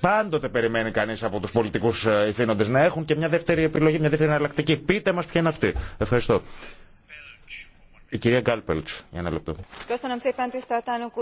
Πάντοτε περιμένει κανεί από του πολιτικού ε, ηθήνοντε να έχουν και μια δεύτερη επιλογή, μια δεύτερη εναλλακτική. Πείτε μα ποια είναι αυτή. Ευχαριστώ. Η κυρία Γκάλπελτ, για ένα λεπτό.